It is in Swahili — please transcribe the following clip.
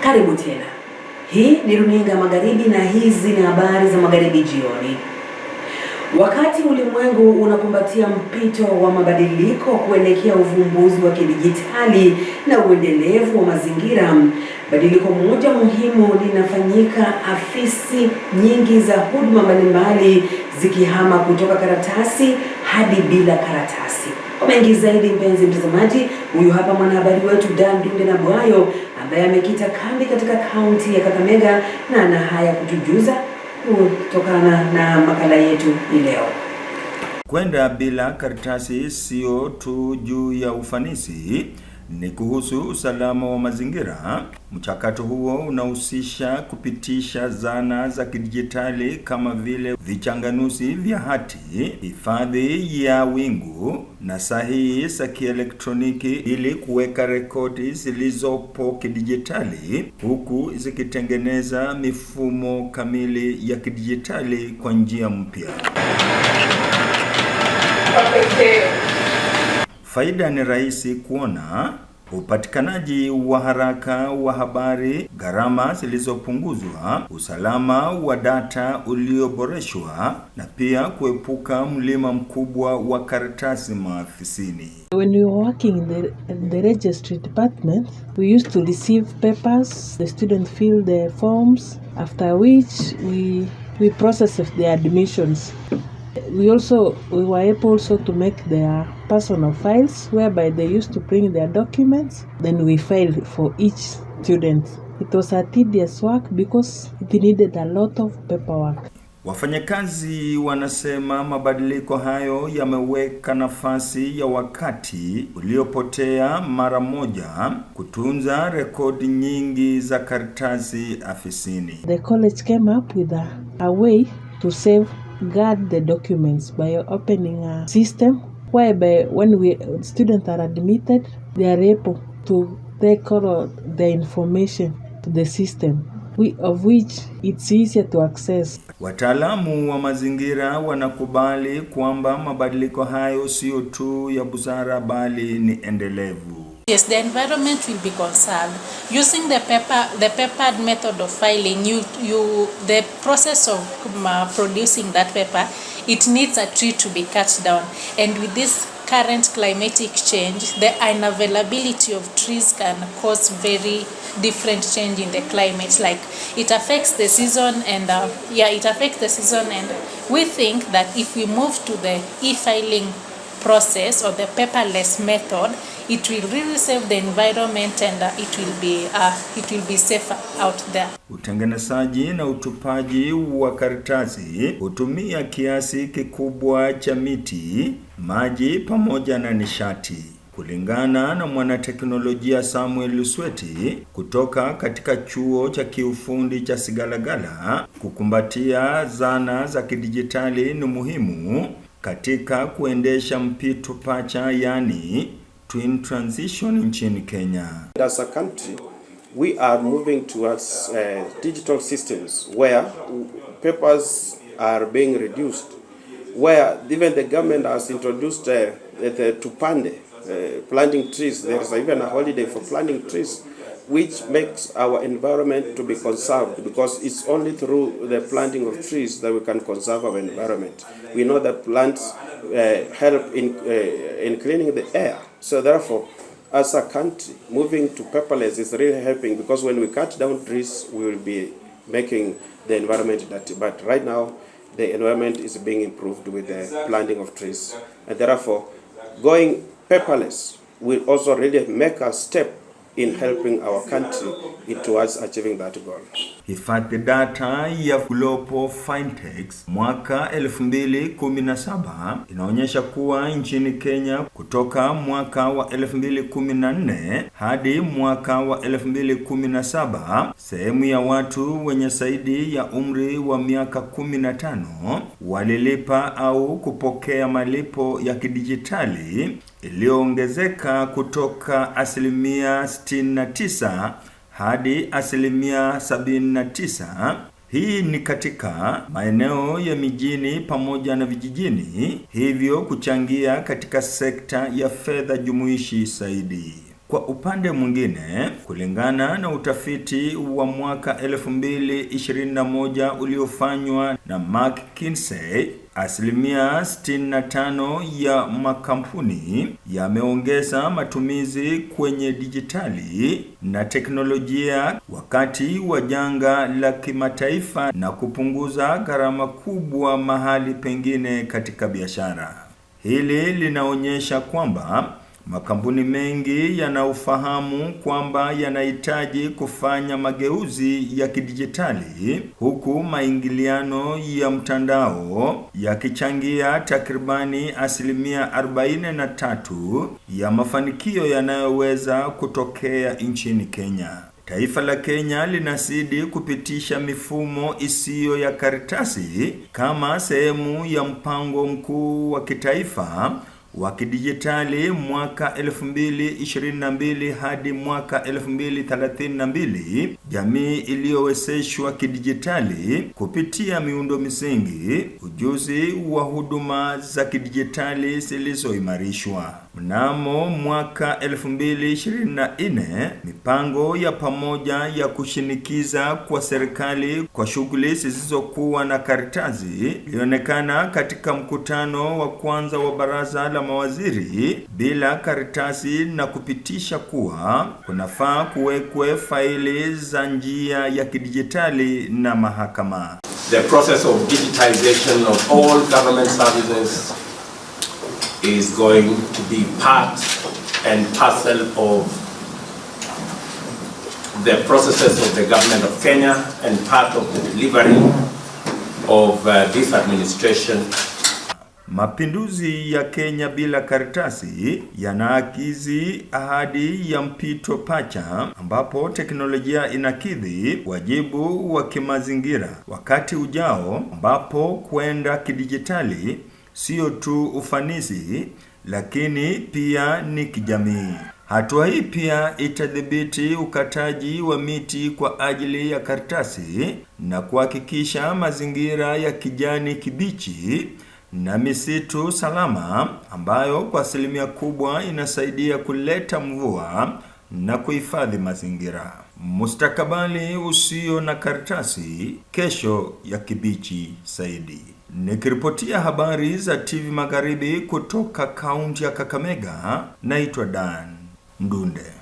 Karibu tena. Hii ni Runinga Magharibi na hizi ni habari za Magharibi jioni. Wakati ulimwengu unakumbatia mpito wa mabadiliko kuelekea uvumbuzi wa kidijitali na uendelevu wa mazingira, badiliko moja muhimu linafanyika, afisi nyingi za huduma mbalimbali zikihama kutoka karatasi hadi bila karatasi. Kwa mengi zaidi, mpenzi mtazamaji, huyu hapa mwanahabari wetu Dan Dunde na Bwayo ambaye amekita kambi katika kaunti ya Kakamega na ana haya kutujuza kutokana na makala yetu leo. Kwenda bila karatasi sio tu juu ya ufanisi ni kuhusu usalama wa mazingira. Mchakato huo unahusisha kupitisha zana za kidijitali kama vile vichanganuzi vya hati, hifadhi ya wingu na sahihi za kielektroniki ili kuweka rekodi zilizopo kidijitali, huku zikitengeneza mifumo kamili ya kidijitali kwa njia mpya. Faida ni rahisi kuona: upatikanaji wa haraka wa habari, gharama zilizopunguzwa, usalama wa data ulioboreshwa, na pia kuepuka mlima mkubwa wa karatasi maafisini. When we were working in the, in the registry department, we used to receive papers, the student the forms, after which we, we admissions we also we were able also to make their personal files whereby they used to bring their documents then we filed for each student it was a tedious work because it needed a lot of paperwork Wafanyakazi wanasema mabadiliko hayo yameweka nafasi ya wakati uliopotea mara moja kutunza rekodi nyingi za karatasi afisini. The college came up with a, a way to save guard the documents by opening a system whereby when we students are admitted, they are able to take all the information to the system of which it's easier to access. Wataalamu wa mazingira wanakubali kwamba mabadiliko hayo sio tu ya busara bali ni endelevu. Yes, the environment will be conserved. Using the paper, the papered method of filing, you, you, the process of um, uh, producing that paper, it needs a tree to be cut down. And with this current climatic change, the unavailability of trees can cause very different change in the climate. Like it affects the season and uh, yeah, it affects the season. And we think that if we move to the e-filing process or the paperless method it will really save the environment and uh, it will be uh, it will be safer out there. Utengenezaji na utupaji wa karatasi hutumia kiasi kikubwa cha miti, maji pamoja na nishati. Kulingana na mwanateknolojia Samuel Lusweti kutoka katika chuo cha kiufundi cha Sigalagala, kukumbatia zana za kidijitali ni muhimu katika kuendesha mpito pacha, yani twin transition nchini Kenya. As a country we are moving towards uh, digital systems where papers are being reduced where even the government has introduced uh, the, the tupande uh, planting trees there is even a holiday for planting trees which makes our environment to be conserved because it's only through the planting of trees that we can conserve our environment. We know that plants uh, help in, uh, in cleaning the air. So therefore, as a country, moving to paperless is really helping because when we cut down trees, we will be making the environment dirty. But right now, the environment is being improved with the planting of trees. And therefore, going paperless will also really make a step in helping our country towards achieving that goal. Hifadhi data ya Global Fintechs mwaka 2017 inaonyesha kuwa nchini Kenya kutoka mwaka wa 2014 hadi mwaka wa 2017 sehemu ya watu wenye zaidi ya umri wa miaka 15 walilipa au kupokea malipo ya kidijitali iliyoongezeka kutoka asilimia 69 hadi asilimia 79. Hii ni katika maeneo ya mijini pamoja na vijijini, hivyo kuchangia katika sekta ya fedha jumuishi zaidi. Kwa upande mwingine, kulingana na utafiti wa mwaka 2021 uliofanywa na McKinsey Asilimia 65 ya makampuni yameongeza matumizi kwenye dijitali na teknolojia wakati wa janga la kimataifa na kupunguza gharama kubwa mahali pengine katika biashara. Hili linaonyesha kwamba Makampuni mengi yanaufahamu kwamba yanahitaji kufanya mageuzi ya kidijitali huku maingiliano ya mtandao yakichangia takribani asilimia 43 ya mafanikio yanayoweza kutokea nchini Kenya. Taifa la Kenya linasidi kupitisha mifumo isiyo ya karatasi kama sehemu ya mpango mkuu wa kitaifa wa kidijitali mwaka 2022 hadi mwaka 2032, jamii iliyowezeshwa kidijitali kupitia miundo misingi, ujuzi wa huduma za kidijitali zilizoimarishwa. Mnamo mwaka 2024 mipango ya pamoja ya kushinikiza kwa serikali kwa shughuli zisizokuwa na karatasi ilionekana katika mkutano wa kwanza wa baraza la mawaziri bila karatasi na kupitisha kuwa kunafaa kuwekwe faili za njia ya kidijitali na mahakama. The process of digitization of all government services is going to be part and parcel of the processes of the government of Kenya and part of the delivery of uh, this administration. Mapinduzi ya Kenya bila karatasi yanaakizi ahadi ya mpito pacha, ambapo teknolojia inakidhi wajibu wa kimazingira wakati ujao, ambapo kwenda kidijitali sio tu ufanisi, lakini pia ni kijamii. Hatua hii pia itadhibiti ukataji wa miti kwa ajili ya karatasi na kuhakikisha mazingira ya kijani kibichi na misitu salama ambayo kwa asilimia kubwa inasaidia kuleta mvua na kuhifadhi mazingira. Mustakabali usio na karatasi, kesho ya kibichi zaidi. Nikiripotia habari za TV Magharibi kutoka kaunti ya Kakamega, naitwa Dan Mdunde.